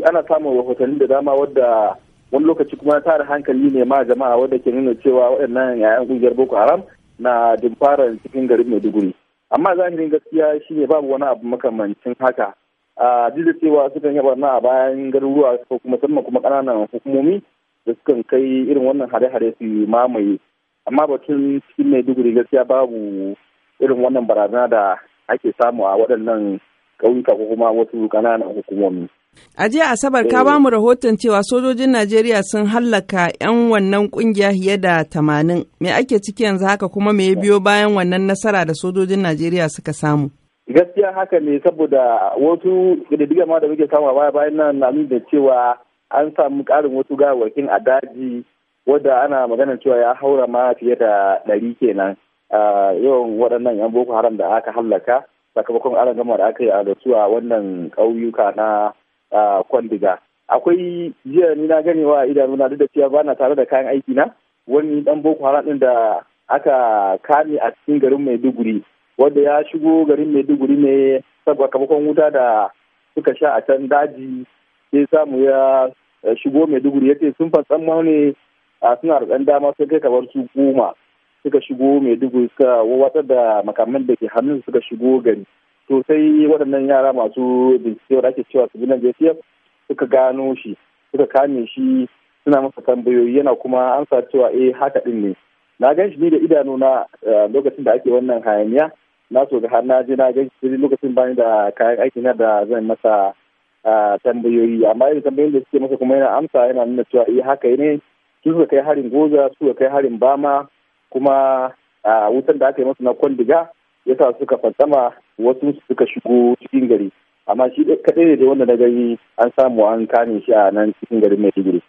ana samun rahotanni da dama wadda wani lokaci kuma tara hankali ne ma jama'a wadda ke nuna cewa waɗannan yayan ƙungiyar boko haram na dimfara cikin garin maiduguri amma zahirin gaskiya shi ne babu wani abu makamancin haka a duk cewa suka yi na a bayan garuruwa ko kuma musamman kuma ƙananan hukumomi da sukan kai irin wannan hare-hare su yi mamaye amma batun cikin maiduguri gaskiya babu irin wannan barazana da ake samu a waɗannan ƙauyuka ko kuma wasu ƙananan hukumomi A jiya Asabar ka bamu eh. rahoton cewa sojojin Najeriya sun hallaka 'yan wannan ƙungiya fiye da tamanin. Me ake ciki yanzu haka kuma me ya biyo bayan wannan nasara da sojojin Najeriya suka samu? Gaskiya haka ne saboda wasu ƙididdiga ma da muke samu baya bayan nan na da cewa an samu ƙarin wasu gawakin a daji wadda ana magana cewa ya haura ma fiye da ɗari kenan yawan waɗannan 'yan boko haram da aka hallaka sakamakon gama da aka yi a da a wannan ƙauyuka na kwandiga akwai jiya ni na ganewa idanu na duk da cewa bana tare da kayan aiki na wani dan boko haram din da aka kame a cikin garin maiduguri wanda ya shigo garin maiduguri ne saboda kamakon wuta da suka sha a can daji sai samu ya shigo maiduguri ya ce sun fatsan ne suna da dama sai kai kamar su goma suka shigo maiduguri suka wawatar da makaman da ke hannun suka shigo gari sosai waɗannan yara masu bincike wanda ake cewa su civilian JCF suka gano shi suka kame shi suna masa tambayoyi yana kuma amsa cewa eh haka din ne na gan shi ni da idanu na eh, lokacin da ake wannan hayaniya na so da har na je na gan shi lokacin bani da kayan aiki na da zan masa eh, tambayoyi amma irin tambayoyin da suke masa kuma yana amsa yana nuna cewa eh haka ne su suka kai harin goza su suka kai harin bama kuma eh, wutan da aka yi masa na kwandiga yasa suka fantsama wasu suka shigo cikin gari amma shi kaɗai ne da wanda na gani an samu an kame shi a nan cikin garin mai digiri.